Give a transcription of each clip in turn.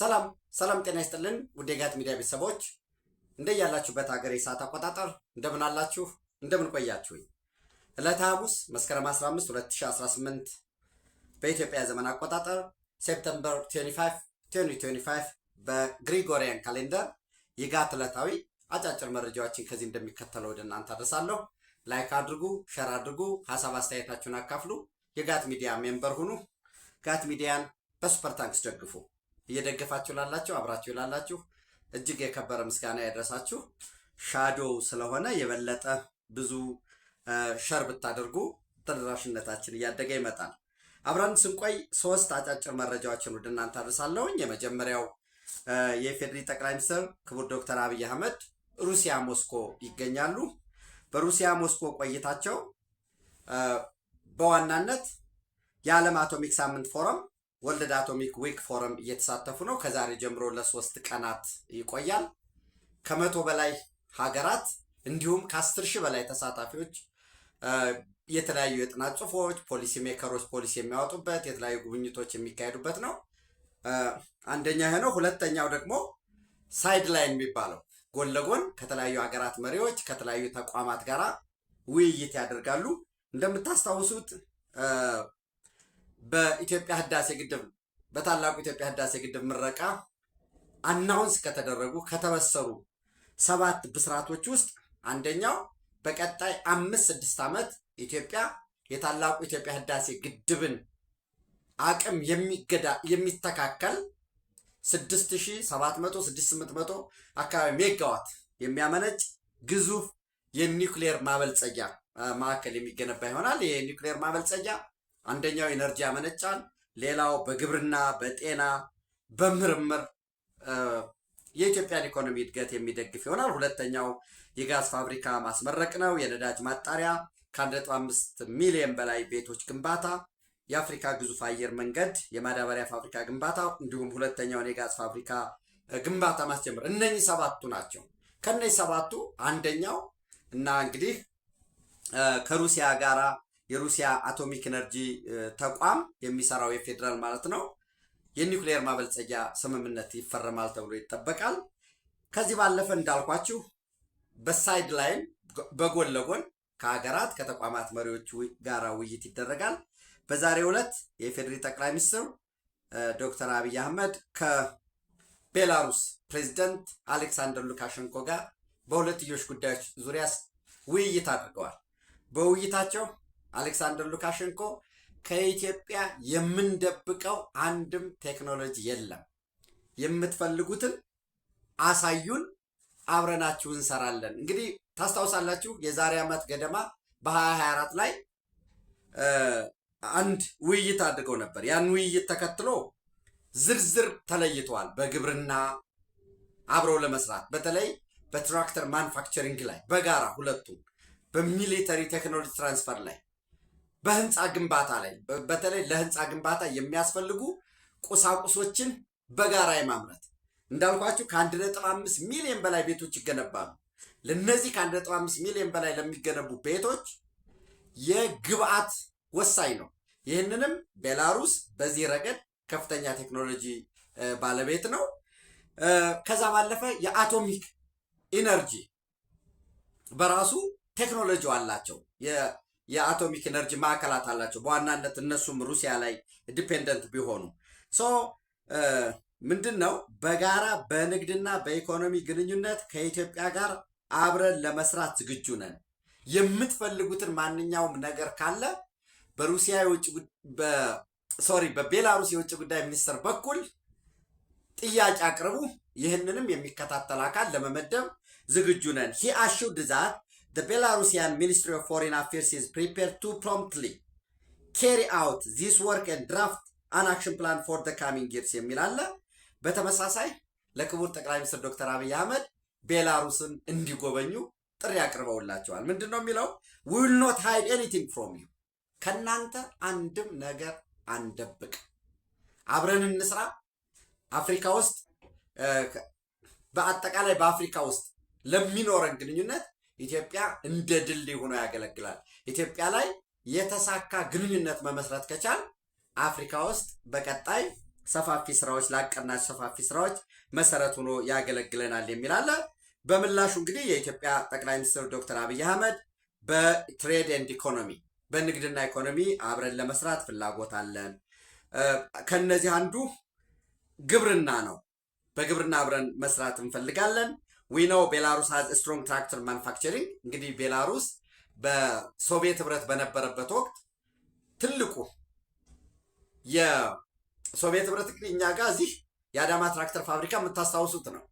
ሰላም ሰላም፣ ጤና ይስጥልን ውድ የጋት ሚዲያ ቤተሰቦች እንደያላችሁበት ሀገር የሰዓት አቆጣጠር እንደምን አላችሁ? እንደምን ቆያችሁኝ? ዕለተ ሐሙስ መስከረም 15 2018 በኢትዮጵያ ዘመን አቆጣጠር ሴፕተምበር 25 2025 በግሪጎሪያን ካሌንደር የጋት ዕለታዊ አጫጭር መረጃዎችን ከዚህ እንደሚከተለው ወደ እናንተ አደርሳለሁ። ላይክ አድርጉ፣ ሸር አድርጉ፣ ሀሳብ አስተያየታችሁን አካፍሉ፣ የጋት ሚዲያ ሜምበር ሁኑ፣ ጋት ሚዲያን በሱፐር ታንክስ ደግፉ። እየደገፋችሁ ላላችሁ አብራችሁ ላላችሁ እጅግ የከበረ ምስጋና ያደረሳችሁ። ሻዶው ስለሆነ የበለጠ ብዙ ሸር ብታደርጉ ተደራሽነታችን እያደገ ይመጣል። አብራን ስንቆይ ሶስት አጫጭር መረጃዎችን ወደ እናንተ አድርሳለሁኝ። የመጀመሪያው የኢፌዴሪ ጠቅላይ ሚኒስትር ክቡር ዶክተር አብይ አህመድ ሩሲያ ሞስኮ ይገኛሉ። በሩሲያ ሞስኮ ቆይታቸው በዋናነት የዓለም አቶሚክ ሳምንት ፎረም ወርልድ አቶሚክ ዊክ ፎረም እየተሳተፉ ነው። ከዛሬ ጀምሮ ለሶስት ቀናት ይቆያል። ከመቶ በላይ ሀገራት እንዲሁም ከአስር ሺህ በላይ ተሳታፊዎች የተለያዩ የጥናት ጽሁፎች፣ ፖሊሲ ሜከሮች ፖሊሲ የሚያወጡበት የተለያዩ ጉብኝቶች የሚካሄዱበት ነው። አንደኛ ነው። ሁለተኛው ደግሞ ሳይድ ላይን የሚባለው ጎን ለጎን ከተለያዩ ሀገራት መሪዎች ከተለያዩ ተቋማት ጋራ ውይይት ያደርጋሉ። እንደምታስታውሱት በኢትዮጵያ ህዳሴ ግድብ በታላቁ ኢትዮጵያ ህዳሴ ግድብ ምረቃ አናውንስ ከተደረጉ ከተበሰሩ ሰባት ብስራቶች ውስጥ አንደኛው በቀጣይ አምስት ስድስት ዓመት ኢትዮጵያ የታላቁ ኢትዮጵያ ህዳሴ ግድብን አቅም የሚገዳ የሚተካከል 6700 መቶ አካባቢ ሜጋዋት የሚያመነጭ ግዙፍ የኒውክሌር ማበልጸጊያ ማዕከል የሚገነባ ይሆናል። ይህ የኒውክሌር ማበልጸጊያ አንደኛው ኤነርጂ ያመነጫል፣ ሌላው በግብርና በጤና በምርምር የኢትዮጵያን ኢኮኖሚ እድገት የሚደግፍ ይሆናል። ሁለተኛው የጋዝ ፋብሪካ ማስመረቅ ነው። የነዳጅ ማጣሪያ፣ ከ1.5 ሚሊዮን በላይ ቤቶች ግንባታ፣ የአፍሪካ ግዙፍ አየር መንገድ፣ የማዳበሪያ ፋብሪካ ግንባታ እንዲሁም ሁለተኛውን የጋዝ ፋብሪካ ግንባታ ማስጀመር። እነኚህ ሰባቱ ናቸው። ከነዚህ ሰባቱ አንደኛው እና እንግዲህ ከሩሲያ ጋራ የሩሲያ አቶሚክ ኤነርጂ ተቋም የሚሰራው የፌዴራል ማለት ነው የኒውክሌር ማበልጸጊያ ስምምነት ይፈረማል ተብሎ ይጠበቃል። ከዚህ ባለፈ እንዳልኳችሁ በሳይድ ላይን በጎን ለጎን ከሀገራት ከተቋማት መሪዎች ጋር ውይይት ይደረጋል። በዛሬው ዕለት የፌዴሪ ጠቅላይ ሚኒስትር ዶክተር አብይ አህመድ ከቤላሩስ ፕሬዚደንት አሌክሳንደር ሉካሸንኮ ጋር በሁለትዮሽ ጉዳዮች ዙሪያ ውይይት አድርገዋል። በውይይታቸው አሌክሳንደር ሉካሸንኮ ከኢትዮጵያ የምንደብቀው አንድም ቴክኖሎጂ የለም፣ የምትፈልጉትን አሳዩን፣ አብረናችሁ እንሰራለን። እንግዲህ ታስታውሳላችሁ የዛሬ ዓመት ገደማ በ2024 ላይ አንድ ውይይት አድርገው ነበር። ያን ውይይት ተከትሎ ዝርዝር ተለይተዋል። በግብርና አብረው ለመስራት በተለይ በትራክተር ማንፋክቸሪንግ ላይ በጋራ ሁለቱም በሚሊተሪ ቴክኖሎጂ ትራንስፈር ላይ በህንፃ ግንባታ ላይ በተለይ ለህንፃ ግንባታ የሚያስፈልጉ ቁሳቁሶችን በጋራ የማምረት እንዳልኳችሁ ከአንድ ነጥብ አምስት ሚሊዮን በላይ ቤቶች ይገነባሉ። ለነዚህ ከአንድ ነጥብ አምስት ሚሊዮን በላይ ለሚገነቡ ቤቶች የግብአት ወሳኝ ነው። ይህንንም ቤላሩስ በዚህ ረገድ ከፍተኛ ቴክኖሎጂ ባለቤት ነው። ከዛ ባለፈ የአቶሚክ ኢነርጂ በራሱ ቴክኖሎጂ አላቸው። የአቶሚክ ኤነርጂ ማዕከላት አላቸው። በዋናነት እነሱም ሩሲያ ላይ ዲፔንደንት ቢሆኑ ሶ ምንድን ነው በጋራ በንግድና በኢኮኖሚ ግንኙነት ከኢትዮጵያ ጋር አብረን ለመስራት ዝግጁ ነን። የምትፈልጉትን ማንኛውም ነገር ካለ በሩሲያ የውጭ ሶሪ በቤላሩስ የውጭ ጉዳይ ሚኒስትር በኩል ጥያቄ አቅርቡ። ይህንንም የሚከታተል አካል ለመመደብ ዝግጁ ነን ሂ አሹድ ዛት the Belarusian Ministry of Foreign Affairs is prepared to promptly carry out this work and draft an action plan for the coming years የሚል አለ። በተመሳሳይ ለክቡር ጠቅላይ ሚኒስትር ዶክተር አብይ አህመድ ቤላሩስን እንዲጎበኙ ጥሪ አቅርበውላቸዋል። ምንድን ነው የሚለው? ዊል ኖት ሃይድ ኤኒቲንግ ፍሮም ዩ፣ ከእናንተ አንድም ነገር አንደብቅ፣ አብረን እንስራ። አፍሪካ ውስጥ በአጠቃላይ በአፍሪካ ውስጥ ለሚኖረን ግንኙነት ኢትዮጵያ እንደ ድልድይ ሆኖ ያገለግላል። ኢትዮጵያ ላይ የተሳካ ግንኙነት መመስረት ከቻል አፍሪካ ውስጥ በቀጣይ ሰፋፊ ስራዎች ላቀናች ሰፋፊ ስራዎች መሰረት ሆኖ ያገለግለናል የሚል አለ። በምላሹ እንግዲህ የኢትዮጵያ ጠቅላይ ሚኒስትር ዶክተር አብይ አህመድ በትሬድ ኤንድ ኢኮኖሚ በንግድና ኢኮኖሚ አብረን ለመስራት ፍላጎት አለን። ከነዚህ አንዱ ግብርና ነው። በግብርና አብረን መስራት እንፈልጋለን። ዊኖው ቤላሩስ ሀዝ ስትሮንግ ትራክተር ማኑፋክቸሪንግ እንግዲህ ቤላሩስ በሶቪየት ህብረት በነበረበት ወቅት ትልቁ የሶቪየት ህብረት እንግዲህ እኛ ጋር እዚህ የአዳማ ትራክተር ፋብሪካ የምታስታውሱት ነው።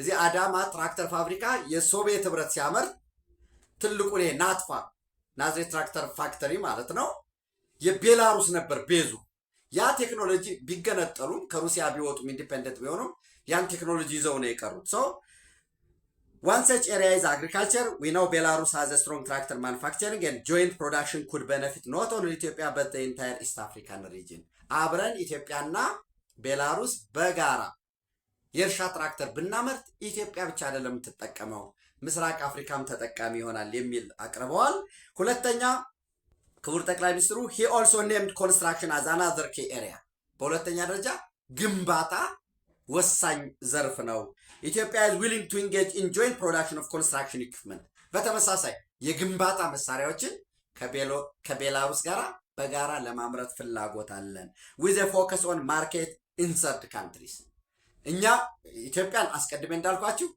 እዚህ አዳማ ትራክተር ፋብሪካ የሶቪየት ህብረት ሲያመርት ትልቁን ናትፋ ናዝሬት ትራክተር ፋክተሪ ማለት ነው የቤላሩስ ነበር ቤዙ። ያ ቴክኖሎጂ ቢገነጠሉም ከሩሲያ ቢወጡም ኢንዲፔንደንት ቢሆኑም ያን ቴክኖሎጂ ይዘው ነው የቀሩት ሰው Once such area is agriculture, we know Belarus has a strong tractor manufacturing and joint production could benefit not only Ethiopia but the entire East African region. አብረን ኢትዮጵያና ቤላሩስ በጋራ የእርሻ ትራክተር ብናመርት ኢትዮጵያ ብቻ አይደለም የምትጠቀመው፣ ምስራቅ አፍሪካም ተጠቃሚ ይሆናል የሚል አቅርበዋል። ሁለተኛ ክቡር ጠቅላይ ሚኒስትሩ ሂ ኦልሶ ኔምድ ኮንስትራክሽን አዝ አናዘር ኬ ኤሪያ፣ በሁለተኛ ደረጃ ግንባታ ወሳኝ ዘርፍ ነው። ኢትዮጵያ ኢዝ ዊሊንግ ቱ ኢንጌጅ ኢን ጆይንት ፕሮዳክሽን ኦፍ ኮንስትራክሽን ኢኩፕመንት። በተመሳሳይ የግንባታ መሳሪያዎችን ከቤላሩስ ጋር በጋራ ለማምረት ፍላጎት አለን። ዊዝ ፎከስ ኦን ማርኬት ኢን ሰርድ ካንትሪስ። እኛ ኢትዮጵያን አስቀድሜ እንዳልኳችሁ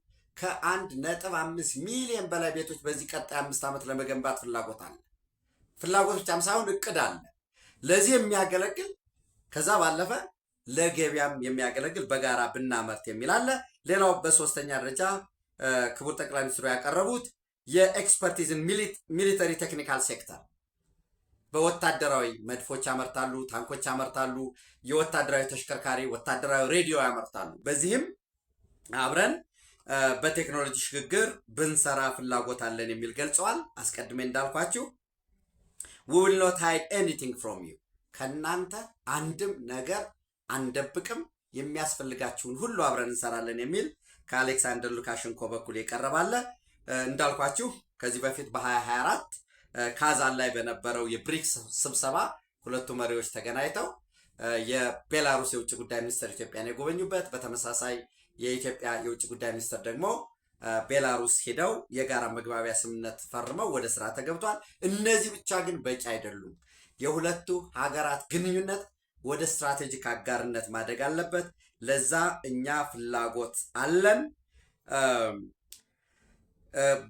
ከአንድ ነጥብ አምስት ሚሊዮን በላይ ቤቶች በዚህ ቀጣይ አምስት ዓመት ለመገንባት ፍላጎት አለ። ፍላጎት ብቻም ሳይሆን እቅድ አለ ለዚህ የሚያገለግል ከዛ ባለፈ ለገበያም የሚያገለግል በጋራ ብናመርት የሚል አለ። ሌላው በሶስተኛ ደረጃ ክቡር ጠቅላይ ሚኒስትሩ ያቀረቡት የኤክስፐርቲዝን ሚሊተሪ ቴክኒካል ሴክተር በወታደራዊ መድፎች ያመርታሉ፣ ታንኮች ያመርታሉ፣ የወታደራዊ ተሽከርካሪ፣ ወታደራዊ ሬዲዮ ያመርታሉ። በዚህም አብረን በቴክኖሎጂ ሽግግር ብንሰራ ፍላጎት አለን የሚል ገልጸዋል። አስቀድሜ እንዳልኳችሁ ዊ ዊል ኖት ሃይድ ኤኒቲንግ ፍሮም ዩ ከእናንተ አንድም ነገር አንደብቅም፣ የሚያስፈልጋችሁን ሁሉ አብረን እንሰራለን የሚል ከአሌክሳንደር ሉካሽንኮ በኩል የቀረባለ እንዳልኳችሁ ከዚህ በፊት በ2024 ካዛን ላይ በነበረው የብሪክስ ስብሰባ ሁለቱ መሪዎች ተገናኝተው የቤላሩስ የውጭ ጉዳይ ሚኒስትር ኢትዮጵያን የጎበኙበት በተመሳሳይ የኢትዮጵያ የውጭ ጉዳይ ሚኒስትር ደግሞ ቤላሩስ ሄደው የጋራ መግባቢያ ስምምነት ፈርመው ወደ ስራ ተገብቷል። እነዚህ ብቻ ግን በቂ አይደሉም። የሁለቱ ሀገራት ግንኙነት ወደ ስትራቴጂክ አጋርነት ማደግ አለበት። ለዛ እኛ ፍላጎት አለን።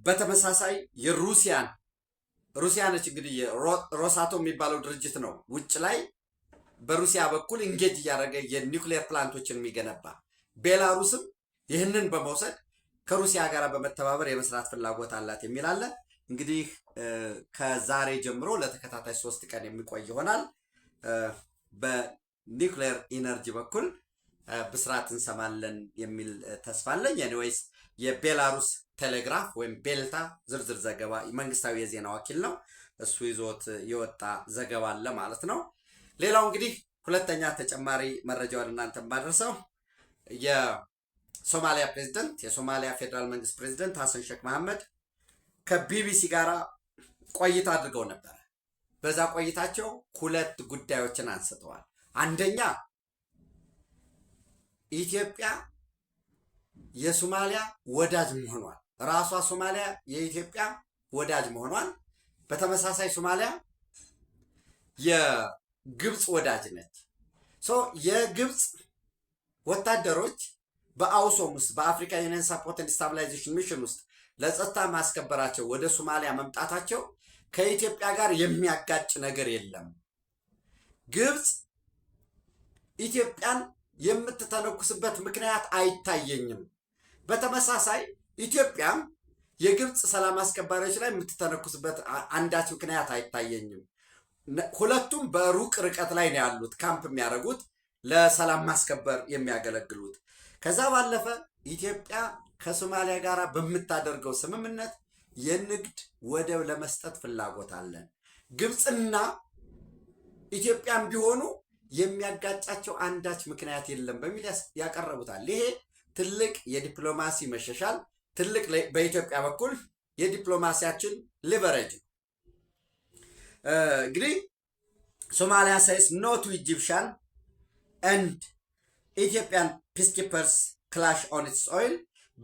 በተመሳሳይ የሩሲያን ሩሲያ ነች እንግዲህ ሮሳቶ የሚባለው ድርጅት ነው ውጭ ላይ በሩሲያ በኩል እንጌጅ እያደረገ የኒውክሌር ፕላንቶችን የሚገነባ ቤላሩስም ይህንን በመውሰድ ከሩሲያ ጋር በመተባበር የመስራት ፍላጎት አላት የሚል አለ። እንግዲህ ከዛሬ ጀምሮ ለተከታታይ ሶስት ቀን የሚቆይ ይሆናል። በኒውክሌር ኢነርጂ በኩል ብስራት እንሰማለን የሚል ተስፋ አለኝ። ኤኒዌይስ የቤላሩስ ቴሌግራፍ ወይም ቤልታ ዝርዝር ዘገባ መንግስታዊ የዜና ወኪል ነው፣ እሱ ይዞት የወጣ ዘገባ አለ ማለት ነው። ሌላው እንግዲህ ሁለተኛ ተጨማሪ መረጃ ወደ እናንተ የማደርሰው የሶማሊያ ፕሬዚደንት የሶማሊያ ፌዴራል መንግስት ፕሬዚደንት ሀሰን ሼክ መሐመድ ከቢቢሲ ጋር ቆይታ አድርገው ነበር። በዛ ቆይታቸው ሁለት ጉዳዮችን አንስተዋል። አንደኛ ኢትዮጵያ የሶማሊያ ወዳጅ መሆኗል፣ ራሷ ሶማሊያ የኢትዮጵያ ወዳጅ መሆኗል። በተመሳሳይ ሶማሊያ የግብፅ ወዳጅ ነች። የግብፅ ወታደሮች በአውሶም ውስጥ በአፍሪካ ዩኒየን ሳፖርት ኤንድ ስታብላይዜሽን ሚሽን ውስጥ ለጸጥታ ማስከበራቸው ወደ ሶማሊያ መምጣታቸው ከኢትዮጵያ ጋር የሚያጋጭ ነገር የለም። ግብፅ ኢትዮጵያን የምትተነኩስበት ምክንያት አይታየኝም። በተመሳሳይ ኢትዮጵያም የግብፅ ሰላም አስከባሪዎች ላይ የምትተነኩስበት አንዳች ምክንያት አይታየኝም። ሁለቱም በሩቅ ርቀት ላይ ነው ያሉት፣ ካምፕ የሚያደርጉት ለሰላም ማስከበር የሚያገለግሉት። ከዛ ባለፈ ኢትዮጵያ ከሶማሊያ ጋር በምታደርገው ስምምነት የንግድ ወደብ ለመስጠት ፍላጎት አለን። ግብፅና ኢትዮጵያን ቢሆኑ የሚያጋጫቸው አንዳች ምክንያት የለም በሚል ያቀረቡታል። ይሄ ትልቅ የዲፕሎማሲ መሻሻል፣ ትልቅ በኢትዮጵያ በኩል የዲፕሎማሲያችን ሊቨሬጅ ነው። እንግዲህ ሶማሊያ ሳይስ ኖ ቱ ኢጂፕሽያን ኤንድ ኢትዮጵያን ፒስኪፐርስ ክላሽ ኦን ኢትስ ኦይል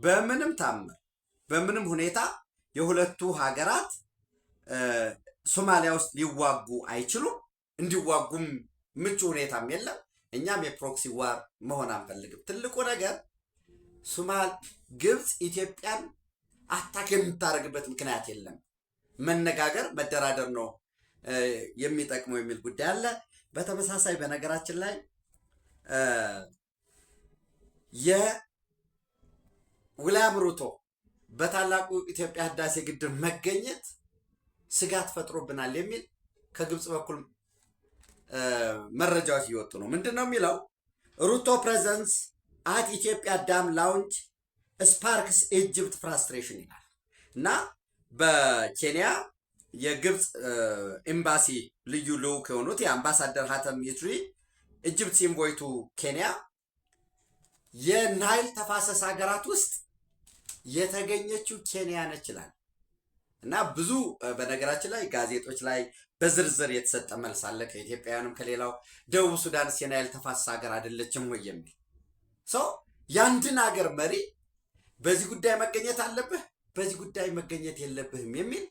በምንም ታምር በምንም ሁኔታ የሁለቱ ሀገራት ሶማሊያ ውስጥ ሊዋጉ አይችሉም። እንዲዋጉም ምቹ ሁኔታም የለም። እኛም የፕሮክሲ ዋር መሆን አንፈልግም። ትልቁ ነገር ሱማል ግብፅ ኢትዮጵያን አታክ የምታደርግበት ምክንያት የለም። መነጋገር መደራደር ነው የሚጠቅመው የሚል ጉዳይ አለ። በተመሳሳይ በነገራችን ላይ የዊልያም ሩቶ በታላቁ ኢትዮጵያ ህዳሴ ግድብ መገኘት ስጋት ፈጥሮብናል የሚል ከግብፅ በኩል መረጃዎች እየወጡ ነው። ምንድን ነው የሚለው? ሩቶ ፕሬዘንስ አት ኢትዮጵያ ዳም ላውንጅ ስፓርክስ ኢጅፕት ፍራስትሬሽን ይላል እና በኬንያ የግብፅ ኤምባሲ ልዩ ልዑክ የሆኑት የአምባሳደር ሀተም ሚትሪ ኢጅፕት ሲምቦይቱ ኬንያ የናይል ተፋሰስ ሀገራት ውስጥ የተገኘችው ኬንያ ነች ይላል እና ብዙ በነገራችን ላይ ጋዜጦች ላይ በዝርዝር የተሰጠ መልስ አለ። ከኢትዮጵያውያንም ከሌላው ደቡብ ሱዳን የናይል ተፋሰስ ሀገር አይደለችም ወይ የሚል ሰው የአንድን ሀገር መሪ በዚህ ጉዳይ መገኘት አለብህ፣ በዚህ ጉዳይ መገኘት የለብህም የሚል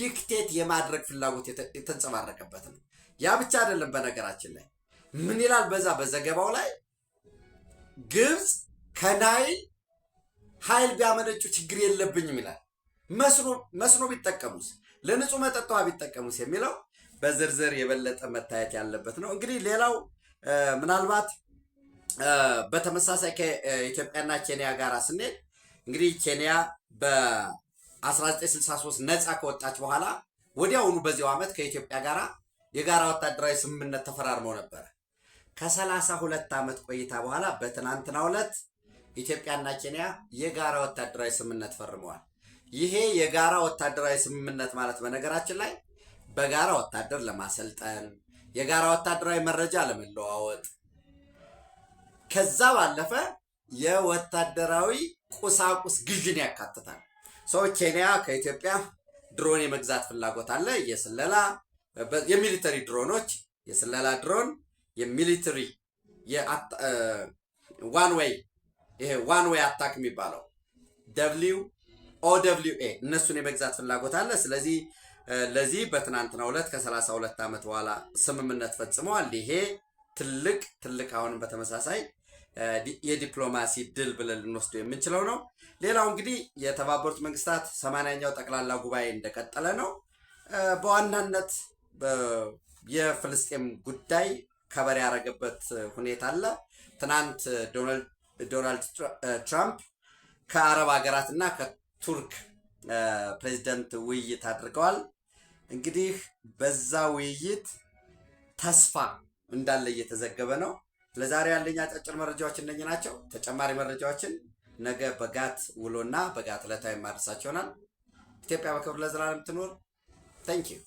ዲክቴት የማድረግ ፍላጎት የተንጸባረቀበት ነው። ያ ብቻ አይደለም። በነገራችን ላይ ምን ይላል በዛ በዘገባው ላይ ግብፅ ከናይል ኃይል ቢያመነጩ ችግር የለብኝም ይላል። መስኖ ቢጠቀሙስ፣ ለንጹህ መጠጥ ውሃ ቢጠቀሙስ የሚለው በዝርዝር የበለጠ መታየት ያለበት ነው። እንግዲህ ሌላው ምናልባት በተመሳሳይ ከኢትዮጵያና ኬንያ ጋር ስንሄድ እንግዲህ ኬንያ በ1963 ነፃ ከወጣች በኋላ ወዲያውኑ በዚያው ዓመት ከኢትዮጵያ ጋር የጋራ ወታደራዊ ስምምነት ተፈራርመው ነበረ። ከሰላሳ ሁለት ዓመት ቆይታ በኋላ በትናንትናው ዕለት ኢትዮጵያና ኬንያ የጋራ ወታደራዊ ስምምነት ፈርመዋል። ይሄ የጋራ ወታደራዊ ስምምነት ማለት በነገራችን ላይ በጋራ ወታደር ለማሰልጠን የጋራ ወታደራዊ መረጃ ለመለዋወጥ ከዛ ባለፈ የወታደራዊ ቁሳቁስ ግዥን ያካትታል። ሰው ኬንያ ከኢትዮጵያ ድሮን የመግዛት ፍላጎት አለ። የስለላ የሚሊተሪ ድሮኖች፣ የስለላ ድሮን፣ የሚሊተሪ ዋን ወይ ይሄ ዋን ዌይ አታክ የሚባለው ደብሊው ኦ ደብሊው ኤ እነሱን የመግዛት ፍላጎት አለ። ስለዚህ ለዚህ በትናንትናው ዕለት ከ32 ዓመት በኋላ ስምምነት ፈጽመዋል። ይሄ ትልቅ ትልቅ አሁንም በተመሳሳይ የዲፕሎማሲ ድል ብለን ልንወስደው የምንችለው ነው። ሌላው እንግዲህ የተባበሩት መንግስታት ሰማንያኛው ጠቅላላ ጉባኤ እንደቀጠለ ነው። በዋናነት የፍልስጤም ጉዳይ ከበር ያደረገበት ሁኔታ አለ። ትናንት ዶናልድ ዶናልድ ትራምፕ ከአረብ ሀገራት እና ከቱርክ ፕሬዚደንት ውይይት አድርገዋል። እንግዲህ በዛ ውይይት ተስፋ እንዳለ እየተዘገበ ነው። ለዛሬ ያለኝ አጫጭር መረጃዎች እነኚህ ናቸው። ተጨማሪ መረጃዎችን ነገ በጋት ውሎና በጋት ዕለታዊ ማድረሳቸውናል። ይሆናል። ኢትዮጵያ በክብር ለዘላለም ትኑር። ታንኪዩ